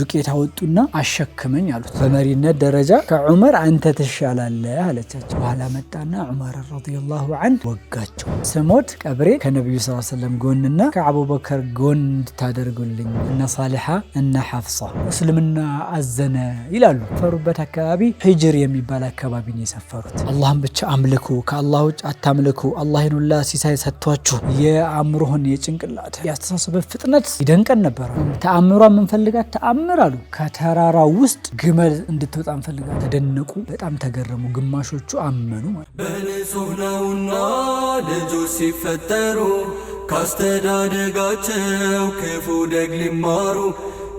ዱቄት አወጡና አሸክመኝ አሉት። በመሪነት ደረጃ ከዑመር አንተ ትሻላለህ አለቻቸው። በኋላ መጣና ዑመር ረዲየላሁ አንሁ ወጋቸው። ስሞት ቀብሬ ከነቢዩ ስ ሰለም ጎንና ከአቡበከር ጎን እንድታደርጉልኝ እነ ሳሊሓ እነ ሐፍሳ እስልምና አዘነ ይላሉ። ፈሩበት አካባቢ ሂጅር የሚባል አካባቢ ነው የሰፈሩት። አላህን ብቻ አምልኩ፣ ከአላህ ውጭ አታምልኩ፣ አላህን ሁላ ሲሳይ ሰጥቷችሁ የአእምሮህን የጭንቅላት ያስተሳሰበ ፍጥነት ይደንቀን ነበረ። ተአምሯ የምንፈልጋት ታምር አሉ። ከተራራው ውስጥ ግመል እንድትወጣ እንፈልጋ። ተደነቁ፣ በጣም ተገረሙ። ግማሾቹ አመኑ። ማለት በንጹህ ነውና ልጆች ሲፈጠሩ ካስተዳደጋቸው ክፉ ደግ ሊማሩ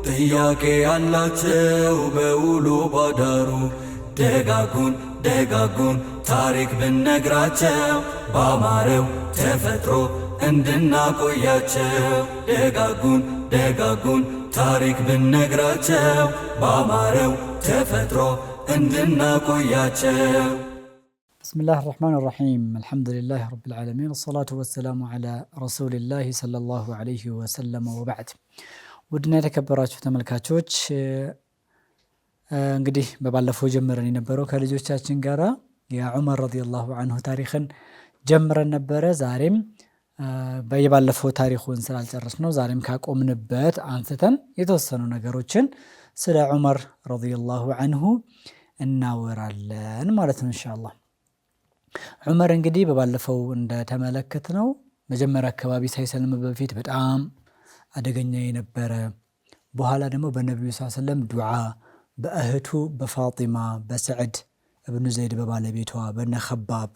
ጥያቄ ያላቸው በውሎ ባዳሩ ደጋጉን ደጋጉን ታሪክ ብነግራቸው ባማረው ተፈጥሮ እንድናቆያቸው ደጋጉን ደጋጉን ታሪክ ብነግራቸው ባማረው ተፈጥሮ እንድናቆያቸው። ብስምላህ ራሕማን ራሒም አልሐምዱሊላህ ረብል ዓለሚን ሰላቱ ወሰላሙ ዓላ ረሱሊላህ ሰለላሁ ዓለይሂ ወሰለም ወባዕድ። ውድና የተከበራችሁ ተመልካቾች እንግዲህ በባለፈው ጀምረን የነበረው ከልጆቻችን ጋራ የዑመር ረዲየላሁ አንሁ ታሪክን ጀምረን ነበረ። ዛሬም በየባለፈው ታሪኩን ስላልጨረስነው ዛሬም ካቆምንበት አንስተን የተወሰኑ ነገሮችን ስለ ዑመር ረዲየላሁ አንሁ እናወራለን ማለት ነው እንሻላ ዑመር እንግዲህ በባለፈው እንደተመለከትነው መጀመሪያ አካባቢ ሳይሰልም በፊት በጣም አደገኛ የነበረ በኋላ ደግሞ በነቢዩ ስ ሰለም ዱዓ በእህቱ በፋጢማ በስዕድ እብኑ ዘይድ በባለቤቷ በነኸባብ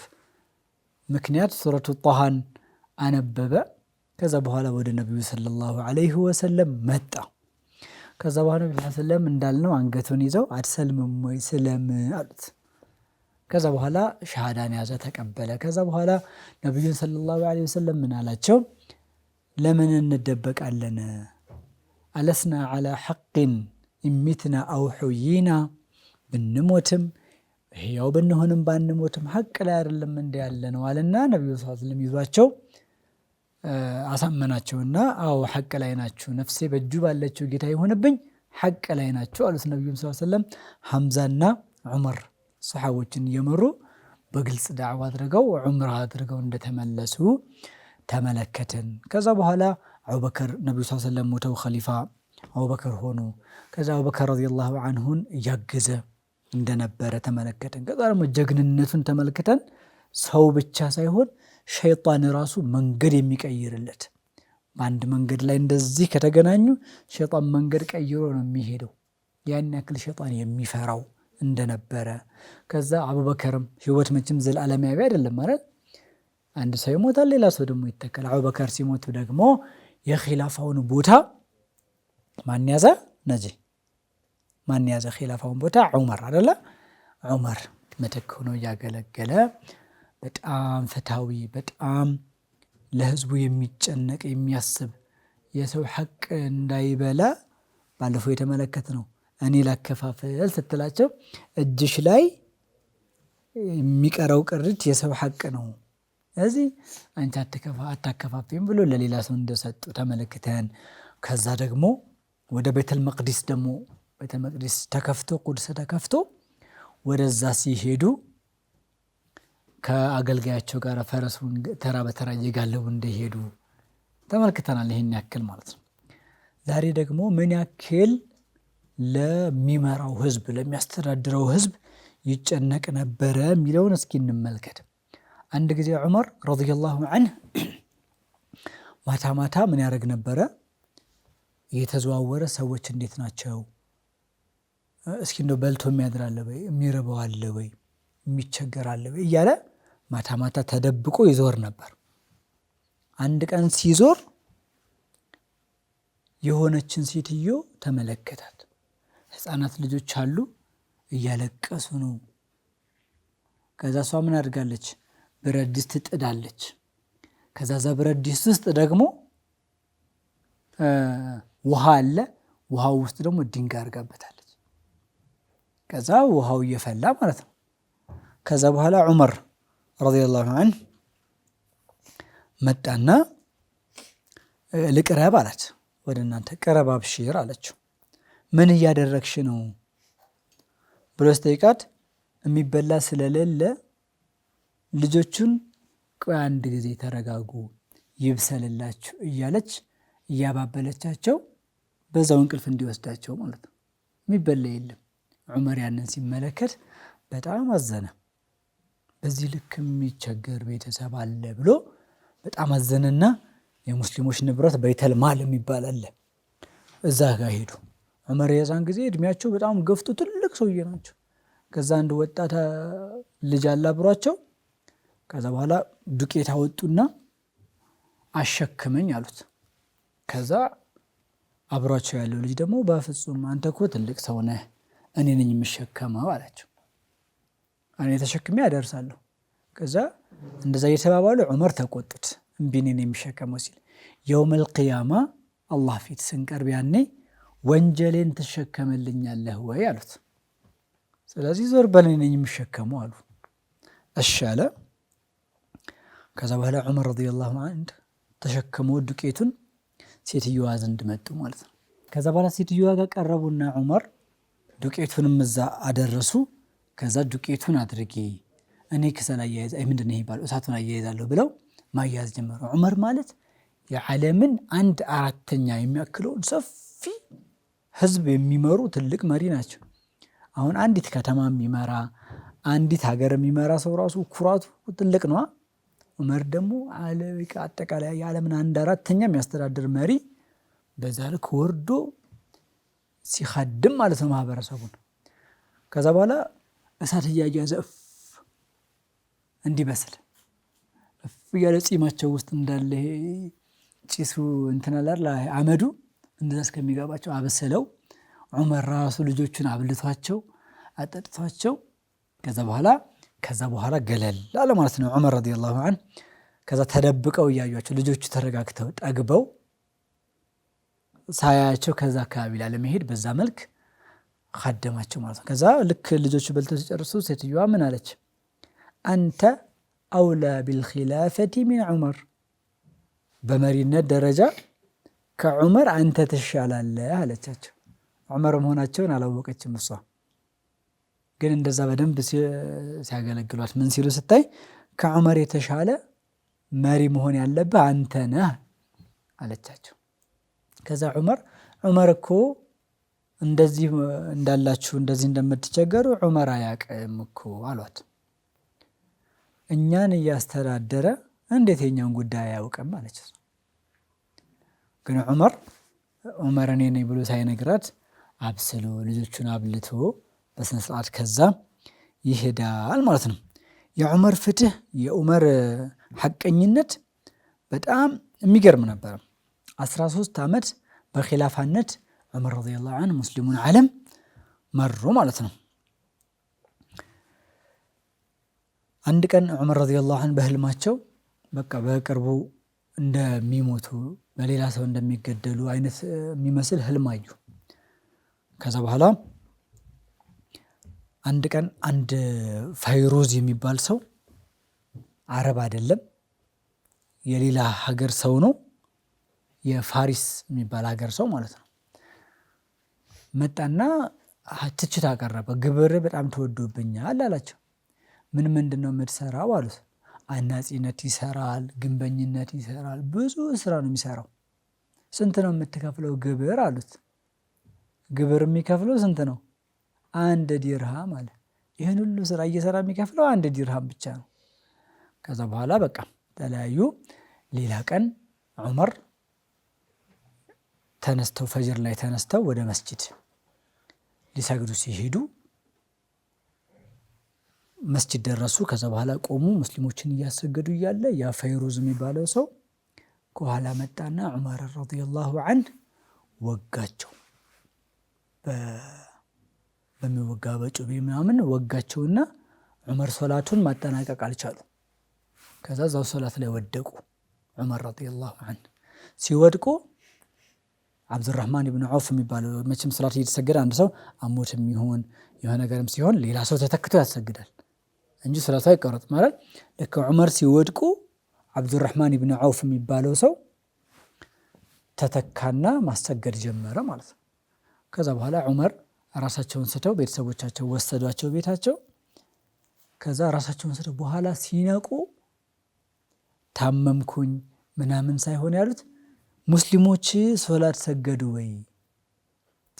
ምክንያት ሱረቱ ጣሃን አነበበ። ከዛ በኋላ ወደ ነቢዩ ሰለላሁ ዐለይሂ ወሰለም መጣ። ከዛ በኋላ ነቢዩ ሰለም እንዳልነው አንገቱን ይዘው አትሰልምም ወይ ስለም አሉት። ከዛ በኋላ ሻሃዳን ያዘ ተቀበለ። ከዛ በኋላ ነቢዩን ሰለላሁ ዐለይሂ ወሰለም ምን አላቸው? ለምን እንደበቃለን? አለስና ዐላ ሐቅን ኢሚትና አው ሑይና ብንሞትም ሕያው ብንሆንም ባንሞትም ሐቅ ላይ አይደለም እንዲ ያለ ነው አለና ነቢዩ ሰለም ይዟቸው አሳመናቸውና አዎ ሀቅ ላይ ናችሁ ነፍሴ በእጁ ባለችው ጌታ የሆነብኝ ሀቅ ላይ ናቸው አሉት። ነቢዩም ስ ሰለም ሐምዛና ዑመር ሰሓቦችን እየመሩ በግልጽ ዳዕዋ አድርገው ዑምራ አድርገው እንደተመለሱ ተመለከትን። ከዛ በኋላ አቡበከር ነቢዩ ስ ሰለም ሞተው ከሊፋ አቡበከር ሆኑ። ከዛ አቡበከር ረዲየላሁ አንሁን እያገዘ እንደነበረ ተመለከተን። ከዛ ደግሞ ጀግንነቱን ተመልክተን ሰው ብቻ ሳይሆን ሸይጣን ራሱ መንገድ የሚቀይርለት በአንድ መንገድ ላይ እንደዚህ ከተገናኙ ሸይጣን መንገድ ቀይሮ ነው የሚሄደው። ያን ያክል ሸይጣን የሚፈራው እንደነበረ ከዛ አቡበከርም ህይወት መቼም ዘላለማዊ አይደለም ማለት አንድ ሰው ይሞታል፣ ሌላ ሰው ደግሞ ይተከል። አቡበከር ሲሞት ደግሞ የኺላፋውን ቦታ ማን ያዘ? ነጂ ማን ያዘ? ኺላፋውን ቦታ ዑመር አደለ? ዑመር ምትክ ሆኖ እያገለገለ በጣም ፍትሃዊ በጣም ለህዝቡ የሚጨነቅ የሚያስብ የሰው ሐቅ እንዳይበላ ባለፈው ነው። እኔ ላከፋፈል ስትላቸው እጅሽ ላይ የሚቀረው ቅሪት የሰው ሐቅ ነው፣ እዚህ አንቺ አታከፋፊም ብሎ ለሌላ ሰው እንደሰጡ ተመለክተን ከዛ ደግሞ ወደ ቤተል መቅዲስ ደግሞ ቤተል መቅዲስ ተከፍቶ ቁድስ ተከፍቶ ወደዛ ሲሄዱ ከአገልጋያቸው ጋር ፈረሱን ተራ በተራ እየጋለቡ እንደሄዱ ተመልክተናል። ይህን ያክል ማለት ነው። ዛሬ ደግሞ ምን ያክል ለሚመራው ህዝብ፣ ለሚያስተዳድረው ህዝብ ይጨነቅ ነበረ የሚለውን እስኪ እንመልከት። አንድ ጊዜ ዑመር ረዲየላሁ አንህ ማታ ማታ ምን ያደርግ ነበረ? እየተዘዋወረ ሰዎች እንዴት ናቸው? እስኪ እንደው በልቶ የሚያድር አለ ወይ? የሚረባው አለ ወይ? የሚቸገር አለ ወይ? እያለ ማታ ማታ ተደብቆ ይዞር ነበር። አንድ ቀን ሲዞር የሆነችን ሴትዮ ተመለከታት። ህፃናት ልጆች አሉ፣ እያለቀሱ ነው። ከዛ እሷ ምን አድርጋለች? ብረት ድስት ጥዳለች። ከዛ ዛ ብረት ድስት ውስጥ ደግሞ ውሃ አለ። ውሃው ውስጥ ደግሞ ድንጋይ አድርጋበታለች። ከዛ ውሃው እየፈላ ማለት ነው። ከዛ በኋላ ዑመር ረዲየላሁ አንህ መጣና ልቅረብ አላት። ወደ እናንተ ቅረብ አብሽር አለችው። ምን እያደረግሽ ነው ብሎ ስጠይቃት የሚበላ ስለሌለ ልጆቹን ቆይ አንድ ጊዜ ተረጋጉ ይብሰልላችሁ እያለች እያባበለቻቸው በዛው እንቅልፍ እንዲወስዳቸው ማለት ነው። የሚበላ የለም። ዑመር ያንን ሲመለከት በጣም አዘነ። በዚህ ልክ የሚቸገር ቤተሰብ አለ ብሎ በጣም አዘነና የሙስሊሞች ንብረት በይተልማል የሚባል አለ እዛ ጋ ሄዱ። ዑመር የዛን ጊዜ እድሜያቸው በጣም ገፍቶ ትልቅ ሰውዬ ናቸው። ከዛ አንድ ወጣት ልጅ አለ አብሯቸው። ከዛ በኋላ ዱቄት አወጡና አሸክመኝ አሉት። ከዛ አብሯቸው ያለው ልጅ ደግሞ በፍጹም አንተ እኮ ትልቅ ሰው ነህ፣ እኔ ነኝ የምሸከመው አላቸው። እኔ ተሸክሜ አደርሳለሁ። ከዛ እንደዛ እየተባባሉ ዑመር ተቆጡት፣ እምቢኔን የሚሸከመው ሲል። የውመል ቅያማ አላህ ፊት ስንቀርብ ያኔ ወንጀሌን ትሸከምልኛለህ ወይ አሉት። ስለዚህ ዞር በል ነኝ የሚሸከመው አሉ። እሺ አለ። ከዛ በኋላ ዑመር ረዲየላሁ አንድ ተሸክሞ ዱቄቱን ሴትዮዋ ዘንድ መጡ ማለት ነው። ከዛ በኋላ ሴትዮዋ ጋር ቀረቡና ዑመር ዱቄቱንም እዛ አደረሱ። ከዛ ዱቄቱን አድርጌ እኔ ክሰል አያያዝ ምንድን ነው ይባል እሳቱን አያይዛለሁ ብለው ማያዝ ጀመሩ። ዑመር ማለት የዓለምን አንድ አራተኛ የሚያክለውን ሰፊ ህዝብ የሚመሩ ትልቅ መሪ ናቸው። አሁን አንዲት ከተማ የሚመራ አንዲት ሀገር የሚመራ ሰው ራሱ ኩራቱ ትልቅ ነዋ። ዑመር ደግሞ አጠቃላይ የዓለምን አንድ አራተኛ የሚያስተዳድር መሪ በዛ ልክ ወርዶ ሲኸድም ማለት ነው ማህበረሰቡን ከዛ በኋላ እሳት እያያዘ እፍ እንዲበስል እፍ እያለ ጺማቸው ውስጥ እንዳለ ጭሱ እንትናላር አመዱ እንደዛ እስከሚገባቸው አበሰለው። ዑመር ራሱ ልጆቹን አብልቷቸው አጠጥቷቸው ከዛ በኋላ ከዛ በኋላ ገለል አለ ማለት ነው ዑመር ረዲየላሁ አን ከዛ ተደብቀው እያዩቸው ልጆቹ ተረጋግተው ጠግበው ሳያቸው ከዛ አካባቢ ላለመሄድ በዛ መልክ ካደማቸው ማለት ነው። ከዛ ልክ ልጆቹ በልተው ሲጨርሱ ሴትዮዋ ምን አለች? አንተ አውላ ቢልኪላፈቲ ሚን ዑመር፣ በመሪነት ደረጃ ከዑመር አንተ ትሻላለህ አለቻቸው። ዑመር መሆናቸውን አላወቀችም እሷ ግን እንደዛ በደንብ ሲያገለግሏት ምን ሲሉ ስታይ ከዑመር የተሻለ መሪ መሆን ያለብህ አንተ ነህ አለቻቸው። ከዛ ዑመር ዑመር እኮ እንደዚህ እንዳላችሁ እንደዚህ እንደምትቸገሩ ዑመር አያውቅም እኮ አሏት። እኛን እያስተዳደረ እንዴት የኛውን ጉዳይ አያውቅም አለች። ግን ዑመር ዑመር እኔ ነኝ ብሎ ሳይነግራት አብስሎ ልጆቹን አብልቶ በስነ ስርዓት ከዛ ይሄዳል ማለት ነው። የዑመር ፍትህ የዑመር ሐቀኝነት በጣም የሚገርም ነበር። 13 ዓመት በኪላፋነት ዑመር ረዲየላሁ ዐንሁ ሙስሊሙን ዓለም መሩ ማለት ነው። አንድ ቀን ዑመር ረዲየላሁ ዐንሁ በህልማቸው በቃ በቅርቡ እንደሚሞቱ በሌላ ሰው እንደሚገደሉ አይነት የሚመስል ህልም አዩ። ከዛ በኋላ አንድ ቀን አንድ ፋይሮዝ የሚባል ሰው አረብ አይደለም፣ የሌላ ሀገር ሰው ነው፣ የፋሪስ የሚባል ሀገር ሰው ማለት ነው። መጣና ትችት አቀረበ ግብር በጣም ተወዶብኛል አላቸው። ምን ምንድነው የምትሰራው አሉት? አናጺነት ይሰራል ግንበኝነት ይሰራል ብዙ ስራ ነው የሚሰራው። ስንት ነው የምትከፍለው ግብር አሉት? ግብር የሚከፍለው ስንት ነው? አንድ ዲርሃም አለ። ይህን ሁሉ ስራ እየሰራ የሚከፍለው አንድ ዲርሃም ብቻ ነው። ከዛ በኋላ በቃ ተለያዩ። ሌላ ቀን ዑመር ተነስተው ፈጅር ላይ ተነስተው ወደ መስጂድ ሊሰግዱ ሲሄዱ መስጅድ ደረሱ። ከዛ በኋላ ቆሙ። ሙስሊሞችን እያሰገዱ እያለ ያ ፈይሩዝ የሚባለው ሰው ከኋላ መጣና ዑመር ረዲየላሁ አንህ ወጋቸው። በሚወጋ በጩቤ ምናምን ወጋቸውና ዑመር ሶላቱን ማጠናቀቅ አልቻሉ። ከዛ እዛው ሶላት ላይ ወደቁ ዑመር ረዲየላሁ አንህ ሲወድቁ አብዱራህማን ብን ዐውፍ የሚባለው መቼም ሰላት እየተሰገደ አንድ ሰው አሞትም ይሁን የሆነ ነገርም ሲሆን ሌላ ሰው ተተክቶ ያሰግዳል እንጂ ሰላቱ አይቀረጥ ማለት ልክ ዑመር ሲወድቁ አብዱራህማን ብን ዐውፍ የሚባለው ሰው ተተካና ማሰገድ ጀመረ ማለት ነው። ከዛ በኋላ ዑመር ራሳቸውን ስተው ቤተሰቦቻቸው ወሰዷቸው ቤታቸው። ከዛ ራሳቸውን ስተው በኋላ ሲነቁ ታመምኩኝ ምናምን ሳይሆን ያሉት ሙስሊሞች ሶላት ሰገዱ ወይ?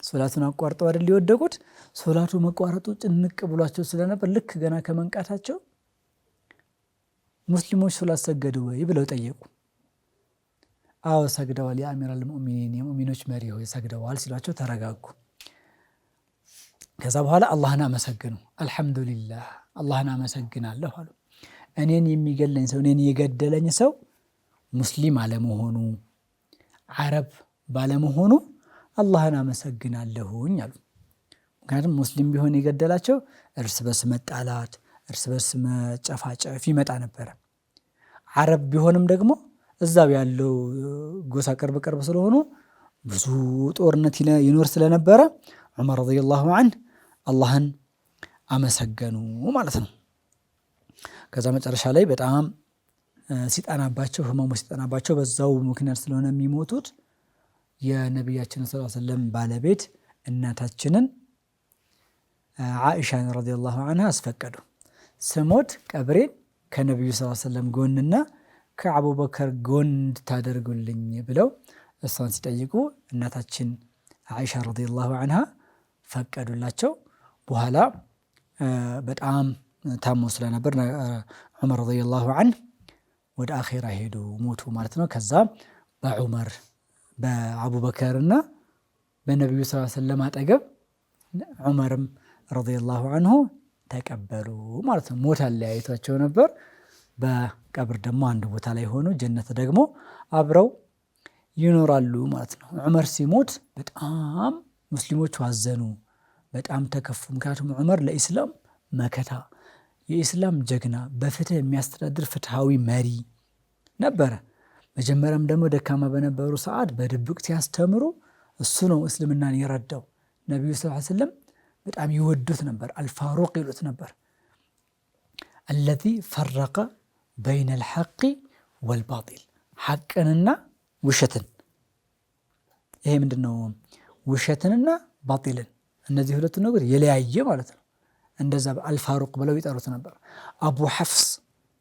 ሶላቱን አቋርጠው አይደል የወደቁት? ሶላቱ መቋረጡ ጭንቅ ብሏቸው ስለነበር ልክ ገና ከመንቃታቸው ሙስሊሞች ሶላት ሰገዱ ወይ ብለው ጠየቁ። አዎ ሰግደዋል፣ የአሚራል ሙእሚኒን የሙእሚኖች መሪ ሆይ ሰግደዋል ሲሏቸው ተረጋጉ። ከዛ በኋላ አላህን አመሰግኑ። አልሐምዱሊላህ አላህን አመሰግናለሁ አሉ። እኔን የሚገለኝ ሰው እኔን የገደለኝ ሰው ሙስሊም አለመሆኑ አረብ ባለመሆኑ አላህን አመሰግናለሁኝ አሉ። ምክንያቱም ሙስሊም ቢሆን የገደላቸው እርስ በርስ መጣላት፣ እርስ በርስ መጨፋጨፍ ይመጣ ነበረ። አረብ ቢሆንም ደግሞ እዛው ያለው ጎሳ ቅርብ ቅርብ ስለሆኑ ብዙ ጦርነት ይኖር ስለነበረ ዑመር ረዲየላሁ አንሁ አላህን አመሰገኑ ማለት ነው። ከዛ መጨረሻ ላይ በጣም ሲጠናባቸው ህመሙ ሲጠናባቸው በዛው ምክንያት ስለሆነ የሚሞቱት የነቢያችን ስ ዐለይሂ ባለቤት እናታችንን አኢሻን ረዲየላሁ አንሃ አስፈቀዱ። ስሞት ቀብሬን ከነቢዩ ስ ዐለይሂ ጎንና ከአቡበከር ጎን እንድታደርጉልኝ ብለው እሷን ሲጠይቁ እናታችን አኢሻ ረዲየላሁ አንሃ ፈቀዱላቸው። በኋላ በጣም ታሞ ስለነበር ዑመር ረዲየላሁ ዐንህ ወደ አኼራ ሄዱ ሞቱ ማለት ነው። ከዛ በዑመር በአቡበከር እና በነቢዩ ስ ሰለም አጠገብ ዑመርም ረዲየላሁ አንሁ ተቀበሉ ማለት ነው። ሞት አለያየቷቸው ነበር። በቀብር ደግሞ አንድ ቦታ ላይ ሆኑ፣ ጀነት ደግሞ አብረው ይኖራሉ ማለት ነው። ዑመር ሲሞት በጣም ሙስሊሞቹ አዘኑ፣ በጣም ተከፉ። ምክንያቱም ዑመር ለኢስላም መከታ የኢስላም ጀግና በፍትህ የሚያስተዳድር ፍትሃዊ መሪ ነበረ። መጀመሪያም ደግሞ ደካማ በነበሩ ሰዓት በድብቅ ሲያስተምሩ እሱ ነው እስልምናን የረዳው። ነቢዩ ስ ስለም በጣም ይወዱት ነበር። አልፋሩቅ ይሉት ነበር። አለዚ ፈረቀ በይነ ልሐቂ ወልባጢል ሐቅንና ውሸትን። ይሄ ምንድን ነው? ውሸትንና ባጢልን እነዚህ ሁለቱ ነገር የለያየ ማለት ነው። እንደዛ አልፋሩቅ ብለው ይጠሩት ነበር። አቡ ሐፍስ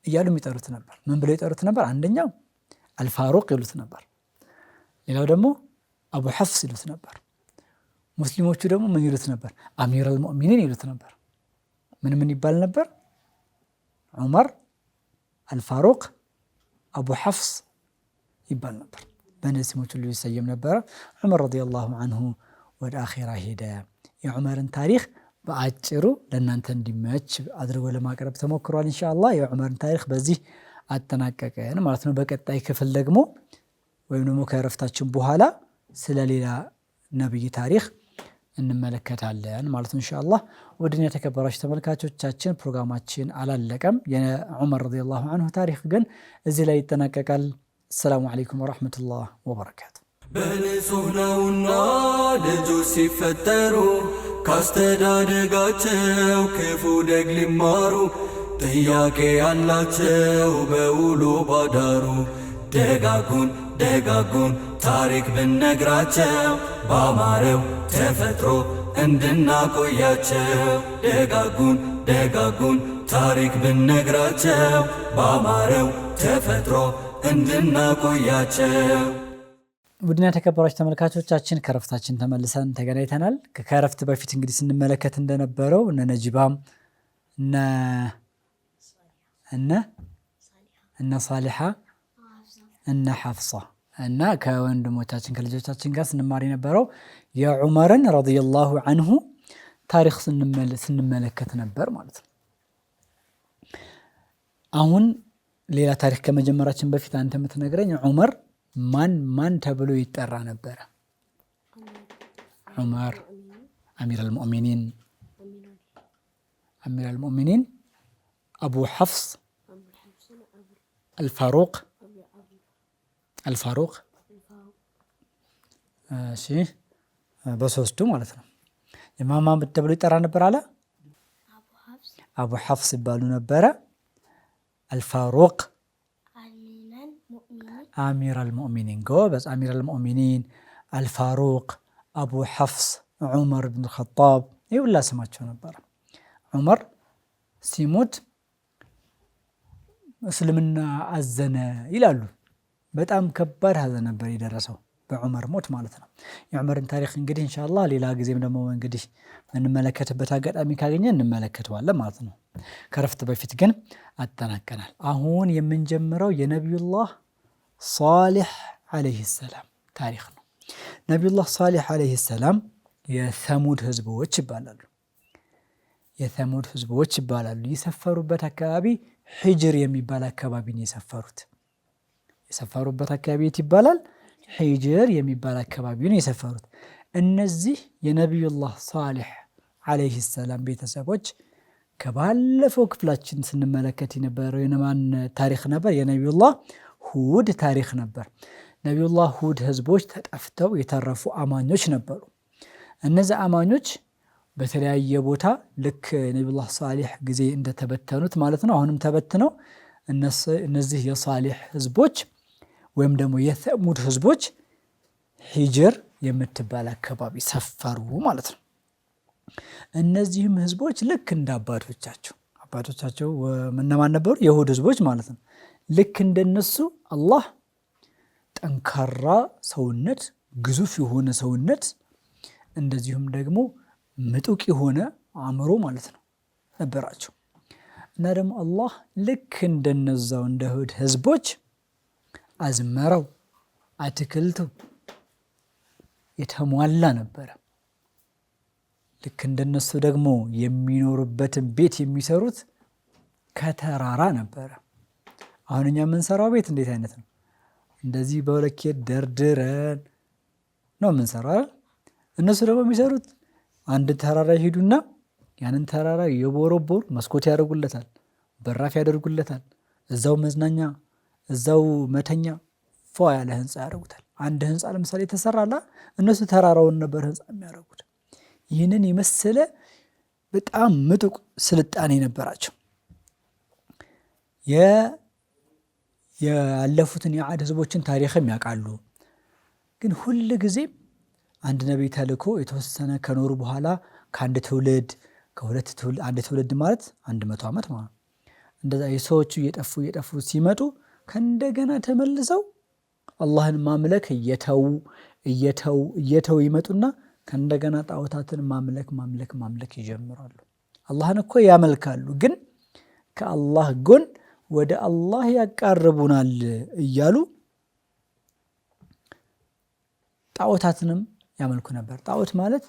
እያሉም ይጠሩት ነበር። ምን ብለው ይጠሩት ነበር? አንደኛው አልፋሩቅ ይሉት ነበር፣ ሌላው ደግሞ አቡ ሐፍስ ይሉት ነበር። ሙስሊሞቹ ደግሞ ምን ይሉት ነበር? አሚር አልሙእሚኒን ይሉት ነበር። ምን ምን ይባል ነበር? ዑመር፣ አልፋሩቅ፣ አቡ ሐፍስ ይባል ነበር። በእነዚህ ሙቹ ይሰየም ነበረ። ዑመር ረዲየላሁ አንሁ ወደ አኼራ ሄደ። የዑመርን ታሪክ በአጭሩ ለእናንተ እንዲመች አድርጎ ለማቅረብ ተሞክሯል። ኢንሻአላህ የዑመርን ታሪክ በዚህ አጠናቀቀን ማለት ነው። በቀጣይ ክፍል ደግሞ ወይም ደግሞ ከእረፍታችን በኋላ ስለሌላ ነብይ ታሪክ እንመለከታለን ማለት እንሻላ ኢንሻአላህ የተከበራችሁ ተመልካቾቻችን ፕሮግራማችን አላለቀም። የዑመር ረዲየላሁ አንሁ ታሪክ ግን እዚህ ላይ ይጠናቀቃል። አሰላሙ አለይኩም ወረሕመቱላህ ወበረካቱ። በንጹህ ነውና ልጆች ሲፈጠሩ ካስተዳደጋቸው ክፉ ደግ ሊማሩ ጥያቄ ያላቸው በውሎ ባዳሩ ደጋጉን ደጋጉን ታሪክ ብነግራቸው ባማረው ተፈጥሮ እንድናቆያቸው ደጋጉን ደጋጉን ታሪክ ብነግራቸው ባማረው ተፈጥሮ እንድናቆያቸው ውድና የተከበራችሁ ተመልካቾቻችን ከረፍታችን ተመልሰን ተገናኝተናል። ከረፍት በፊት እንግዲህ ስንመለከት እንደነበረው እነ ነጂባም እነ እነ እነ ሳሊሓ እነ ሐፍሳ እና ከወንድሞቻችን ከልጆቻችን ጋር ስንማር የነበረው የዑመርን ረዲየላሁ አንሁ ታሪክ ስንመለከት ነበር ማለት ነው። አሁን ሌላ ታሪክ ከመጀመራችን በፊት አንተ የምትነግረኝ ዑመር ማን ማን ተብሎ ይጠራ ነበረ? ዑመር፣ አሚራል ሙእሚኒን አሚራል ሙእሚኒን፣ አቡ ሐፍስ፣ አልፋሩቅ አልፋሩቅ። እሺ በሶስቱ ማለት ነው። የማማ ተብሎ ይጠራ ነበር አለ። አቡ ሐፍስ ይባሉ ነበረ። አልፋሩቅ አሚራል ሙእሚኒን ጎበዝ፣ አሚራል ሙእሚኒን፣ አልፋሩቅ፣ አቡ ሐፍስ፣ ዑመር ብን ኸጣብ ይህ ሁላ ስማቸው ነበር። ዑመር ሲሞት እስልምና አዘነ ይላሉ። በጣም ከባድ ሀዘን ነበር የደረሰው በዑመር ሞት ማለት ነው። የዑመርን ታሪክ እንግዲህ እንሻላ ሌላ ጊዜም ደግሞ እንግዲህ እንመለከትበት አጋጣሚ ካገኘ እንመለከተዋለን ማለት ነው። ከረፍት በፊት ግን አጠናቀናል። አሁን የምንጀምረው የነቢዩላህ ሳሌሕ ዓለይህ ሰላም ታሪክ ነው። ነቢዩላህ ሳሌሕ ዓለይህ ሰላም የሰሙድ ህዝቦች ይባላሉ። የሰሙድ ህዝቦች ይባላሉ። የሰፈሩበት አካባቢ ሂጅር የሚባል አካባቢ ነው የሰፈሩት። የሰፈሩበት አካባቢ የት ይባላል? ሂጅር የሚባል አካባቢ ነው የሰፈሩት። እነዚህ የነቢዩላህ ሳሌሕ ዓለይህ ሰላም ቤተሰቦች ከባለፈው ክፍላችን ስንመለከት የነበረው የነማን ታሪክ ነበር? የነቢዩላህ ሁድ ታሪክ ነበር። ነቢዩላህ ሁድ ህዝቦች ተጠፍተው የተረፉ አማኞች ነበሩ። እነዚህ አማኞች በተለያየ ቦታ ልክ ነቢዩላህ ሷሊሕ ጊዜ እንደተበተኑት ማለት ነው። አሁንም ተበትነው እነዚህ የሷሊሕ ህዝቦች ወይም ደግሞ የተሙድ ህዝቦች ሂጅር የምትባል አካባቢ ሰፈሩ ማለት ነው። እነዚህም ህዝቦች ልክ እንደ አባቶቻቸው አባቶቻቸው እነማን ነበሩ? የሁድ ህዝቦች ማለት ነው። ልክ እንደነሱ አላህ ጠንካራ ሰውነት፣ ግዙፍ የሆነ ሰውነት እንደዚሁም ደግሞ ምጡቅ የሆነ አእምሮ ማለት ነው ነበራቸው እና ደግሞ አላህ ልክ እንደነዛው እንደ ሁድ ህዝቦች አዝመራው አትክልቱ የተሟላ ነበረ። ልክ እንደነሱ ደግሞ የሚኖሩበትን ቤት የሚሰሩት ከተራራ ነበረ። አሁን እኛ የምንሰራው ቤት እንዴት አይነት ነው? እንደዚህ በብሎኬት ደርድረን ነው የምንሰራው አይደል? እነሱ ደግሞ የሚሰሩት አንድ ተራራ ይሄዱና ያንን ተራራ የቦረቦር መስኮት ያደርጉለታል፣ በራፍ ያደርጉለታል፣ እዛው መዝናኛ፣ እዛው መተኛ ፏ ያለ ህንፃ ያደርጉታል። አንድ ህንፃ ለምሳሌ ተሰራላ፣ እነሱ ተራራውን ነበር ህንፃ የሚያደርጉት። ይህንን የመሰለ በጣም ምጡቅ ስልጣኔ ነበራቸው። ያለፉትን የዐድ ህዝቦችን ታሪክም ያውቃሉ። ግን ሁል ጊዜ አንድ ነቢይ ተልኮ የተወሰነ ከኖሩ በኋላ ከአንድ ትውልድ ከሁለት ትውልድ አንድ ትውልድ ማለት አንድ መቶ ዓመት ማለት እንደዛ የሰዎቹ እየጠፉ እየጠፉ ሲመጡ ከእንደገና ተመልሰው አላህን ማምለክ እየተው እየተው እየተው ይመጡና ከእንደገና ጣዖታትን ማምለክ ማምለክ ማምለክ ይጀምራሉ። አላህን እኮ ያመልካሉ ግን ከአላህ ጎን ወደ አላህ ያቃርቡናል እያሉ ጣዖታትንም ያመልኩ ነበር። ጣዖት ማለት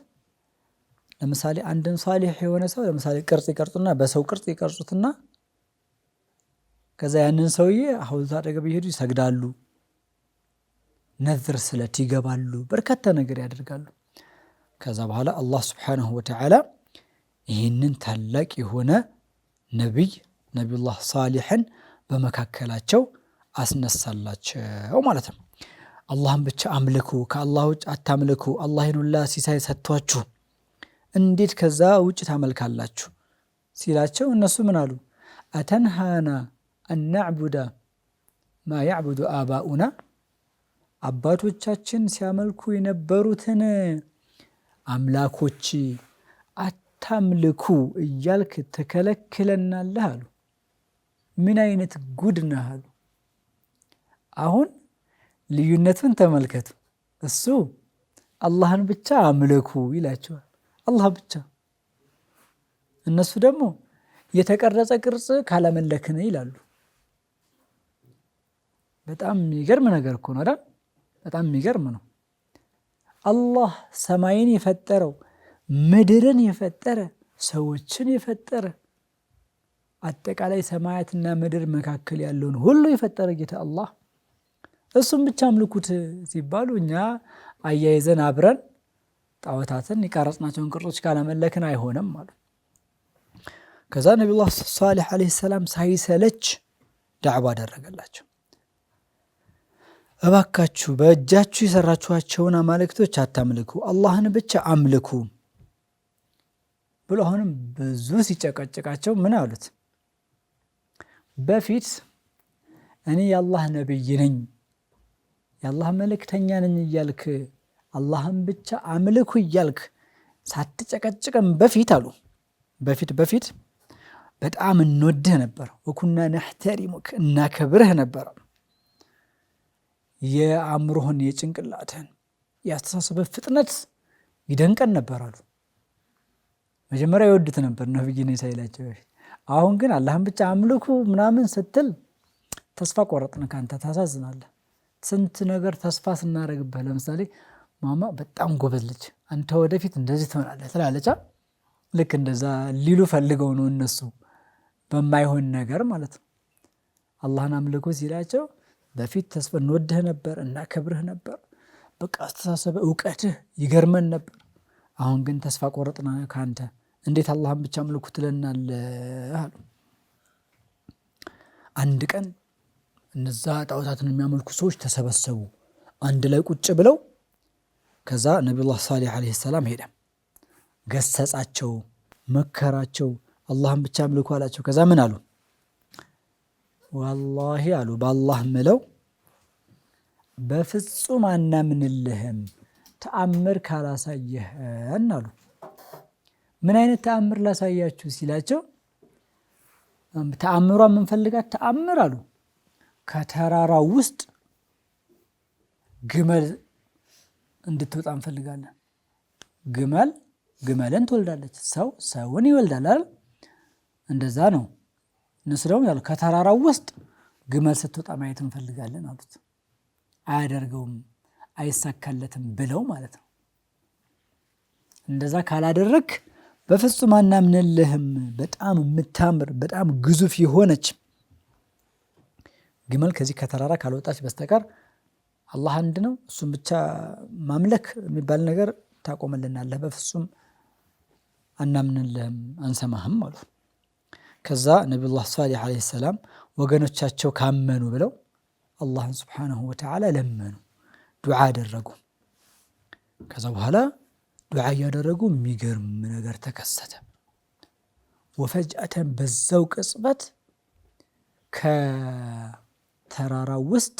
ለምሳሌ አንድን ሳሊሕ የሆነ ሰው ለምሳሌ ቅርጽ ይቀርጹና በሰው ቅርጽ ይቀርጹትና ከዛ ያንን ሰውዬ ሐውልት አጠገብ ይሄዱ ይሰግዳሉ። ነዝር ስለት ይገባሉ፣ በርካታ ነገር ያደርጋሉ። ከዛ በኋላ አላህ ስብሓነሁ ወተዓላ ይህንን ታላቅ የሆነ ነቢይ ነቢዩላህ ሳሊሕን በመካከላቸው አስነሳላቸው ማለት ነው። አላህን ብቻ አምልኩ፣ ከአላህ ውጭ አታምልኩ፣ አላህን ሁላ ሲሳይ ሰጥቷችሁ እንዴት ከዛ ውጭ ታመልካላችሁ ሲላቸው እነሱ ምን አሉ? አተንሃና አናዕቡዳ ማ ያዕቡዱ አባኡና አባቶቻችን ሲያመልኩ የነበሩትን አምላኮች አታምልኩ እያልክ ትከለክለናለህ አሉ። ምን አይነት ጉድ ነህ አሉ። አሁን ልዩነቱን ተመልከቱ። እሱ አላህን ብቻ አምልኩ ይላቸዋል፣ አላህ ብቻ። እነሱ ደግሞ የተቀረጸ ቅርጽ ካላመለክን ይላሉ። በጣም የሚገርም ነገር እኮ ነው በጣም የሚገርም ነው። አላህ ሰማይን የፈጠረው ምድርን የፈጠረ ሰዎችን የፈጠረ አጠቃላይ ሰማያትና ምድር መካከል ያለውን ሁሉ የፈጠረ ጌታ አላህ እሱም ብቻ አምልኩት ሲባሉ እኛ አያይዘን አብረን ጣዖታትን የቀረጽናቸውን ቅርጾች ካላመለክን አይሆንም አሉ። ከዛ ነቢዩላህ ሷሊህ ዓለይሂ ሰላም ሳይሰለች ዳዕዋ አደረገላቸው። እባካችሁ በእጃችሁ የሰራችኋቸውን አማልክቶች አታምልኩ፣ አላህን ብቻ አምልኩ ብሎ አሁንም ብዙ ሲጨቀጭቃቸው ምን አሉት? በፊት እኔ የአላህ ነቢይ ነኝ የአላህ መልእክተኛ ነኝ እያልክ አላህን ብቻ አምልኩ እያልክ ሳትጨቀጭቀን በፊት አሉ በፊት በፊት በጣም እንወድህ ነበር። ወኩና ነሕተሪሙክ እናከብርህ ነበረ። የአእምሮህን የጭንቅላትህን የአስተሳሰብህ ፍጥነት ይደንቀን ነበር አሉ። መጀመሪያ ይወድት ነበር ነቢይ ነኝ ሳይላቸው በፊት አሁን ግን አላህን ብቻ አምልኩ ምናምን ስትል ተስፋ ቆረጥን ካንተ ታሳዝናለህ። ስንት ነገር ተስፋ ስናደርግብህ፣ ለምሳሌ ማማ በጣም ጎበዝ ልጅ አንተ ወደፊት እንደዚህ ትሆናለህ ትላለቻ። ልክ እንደዛ ሊሉ ፈልገው ነው እነሱ በማይሆን ነገር ማለት ነው። አላህን አምልኩ ሲላቸው በፊት ተስፋ እንወድህ ነበር እናከብርህ ነበር፣ በቃ አስተሳሰብ እውቀትህ ይገርመን ነበር። አሁን ግን ተስፋ ቆረጥን ካንተ እንዴት አላህን ብቻ አምልኩ ትለናል አሉ። አንድ ቀን እነዛ ጣዖታትን የሚያመልኩ ሰዎች ተሰበሰቡ። አንድ ላይ ቁጭ ብለው ከዛ ነቢዩላህ ሳሌህ ዓለይሂ ሰላም ሄደ፣ ገሰጻቸው፣ መከራቸው፣ አላህን ብቻ አምልኩ አላቸው። ከዛ ምን አሉ? ዋላሂ አሉ በአላህ ምለው በፍጹም አናምንልህም ተአምር ካላሳየህን አሉ። ምን አይነት ተአምር ላሳያችሁ ሲላቸው ተአምሯ የምንፈልጋት ተአምር አሉ። ከተራራው ውስጥ ግመል እንድትወጣ እንፈልጋለን። ግመል ግመልን ትወልዳለች፣ ሰው ሰውን ይወልዳል አይደል? እንደዛ ነው። እነሱ ደግሞ ያሉ ከተራራው ውስጥ ግመል ስትወጣ ማየት እንፈልጋለን አሉት። አያደርገውም፣ አይሳካለትም ብለው ማለት ነው። እንደዛ ካላደረግ በፍጹም አናምንልህም። በጣም የምታምር በጣም ግዙፍ የሆነች ግመል ከዚህ ከተራራ ካልወጣች በስተቀር አላህ አንድ ነው፣ እሱም ብቻ ማምለክ የሚባል ነገር ታቆምልናለህ። በፍጹም አናምንልህም፣ አንሰማህም አሉ። ከዛ ነቢዩላህ ሷሊህ ዓለይሂ ሰላም ወገኖቻቸው ካመኑ ብለው አላህን ስብሓነሁ ወተዓላ ለመኑ፣ ዱዓ አደረጉ። ከዛ በኋላ ዱዓ እያደረጉ የሚገርም ነገር ተከሰተ። ወፈጅአተን በዛው ቅጽበት ከተራራው ውስጥ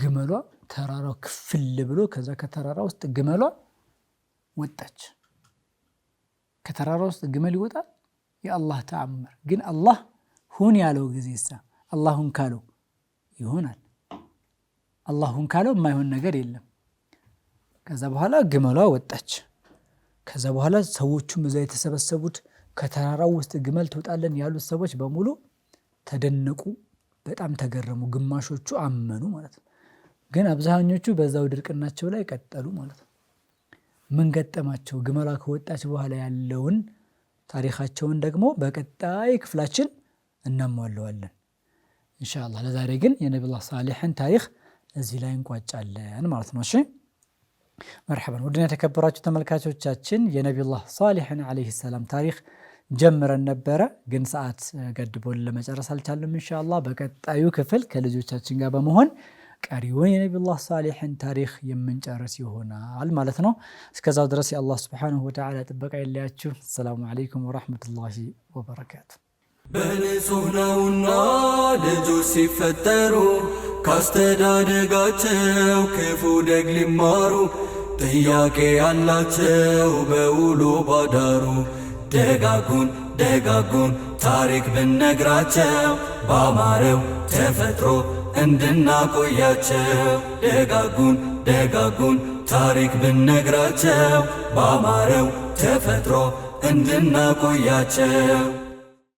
ግመሏ ተራራው ክፍል ብሎ ከዛ ከተራራ ውስጥ ግመሏ ወጣች። ከተራራ ውስጥ ግመል ይወጣል። የአላህ ተአምር ግን አላህ ሁን ያለው ጊዜ ሳ አላሁን ካለው ይሆናል። አላሁን ካለው የማይሆን ነገር የለም። ከዛ በኋላ ግመሏ ወጣች። ከዛ በኋላ ሰዎቹም እዛ የተሰበሰቡት ከተራራው ውስጥ ግመል ትወጣለን ያሉት ሰዎች በሙሉ ተደነቁ፣ በጣም ተገረሙ። ግማሾቹ አመኑ ማለት ነው። ግን አብዛኞቹ በዛው ድርቅናቸው ላይ ቀጠሉ ማለት ነው። ምን ገጠማቸው? ግመሏ ከወጣች በኋላ ያለውን ታሪካቸውን ደግሞ በቀጣይ ክፍላችን እናሟለዋለን ኢንሻአላህ። ለዛሬ ግን የነቢዩላህ ሳሌሕን ታሪክ እዚህ ላይ እንቋጫለን ማለት ነው። መርሐበን ውድና የተከበራችሁ ተመልካቾቻችን የነቢዩላህ ሷሊሕን ዓለይሂ ሰላም ታሪክ ጀምረን ነበረ፣ ግን ሰዓት ገድቦን ለመጨረስ አልቻለም። ኢንሻአላህ በቀጣዩ ክፍል ከልጆቻችን ጋር በመሆን ቀሪውን የነቢዩላህ ሷሊሕን ታሪክ የምንጨርስ ይሆናል ማለት ነው። እስከዛው ድረስ የአላህ ሱብሓነሁ ወተዓላ ጥበቃ የለያችሁ አሰላሙ ዓለይኩም ወረሕመቱላሂ ወበረካቱ። በንጹህ ነውና ልጆች ሲፈጠሩ ካስተዳደጋቸው ክፉ ደግ ሊማሩ ጥያቄ ያላቸው በውሎ ባዳሩ ደጋጉን ደጋጉን ታሪክ ብነግራቸው ባማረው ተፈጥሮ እንድናቆያቸው ደጋጉን ደጋጉን ታሪክ ብነግራቸው ባማረው ተፈጥሮ እንድናቆያቸው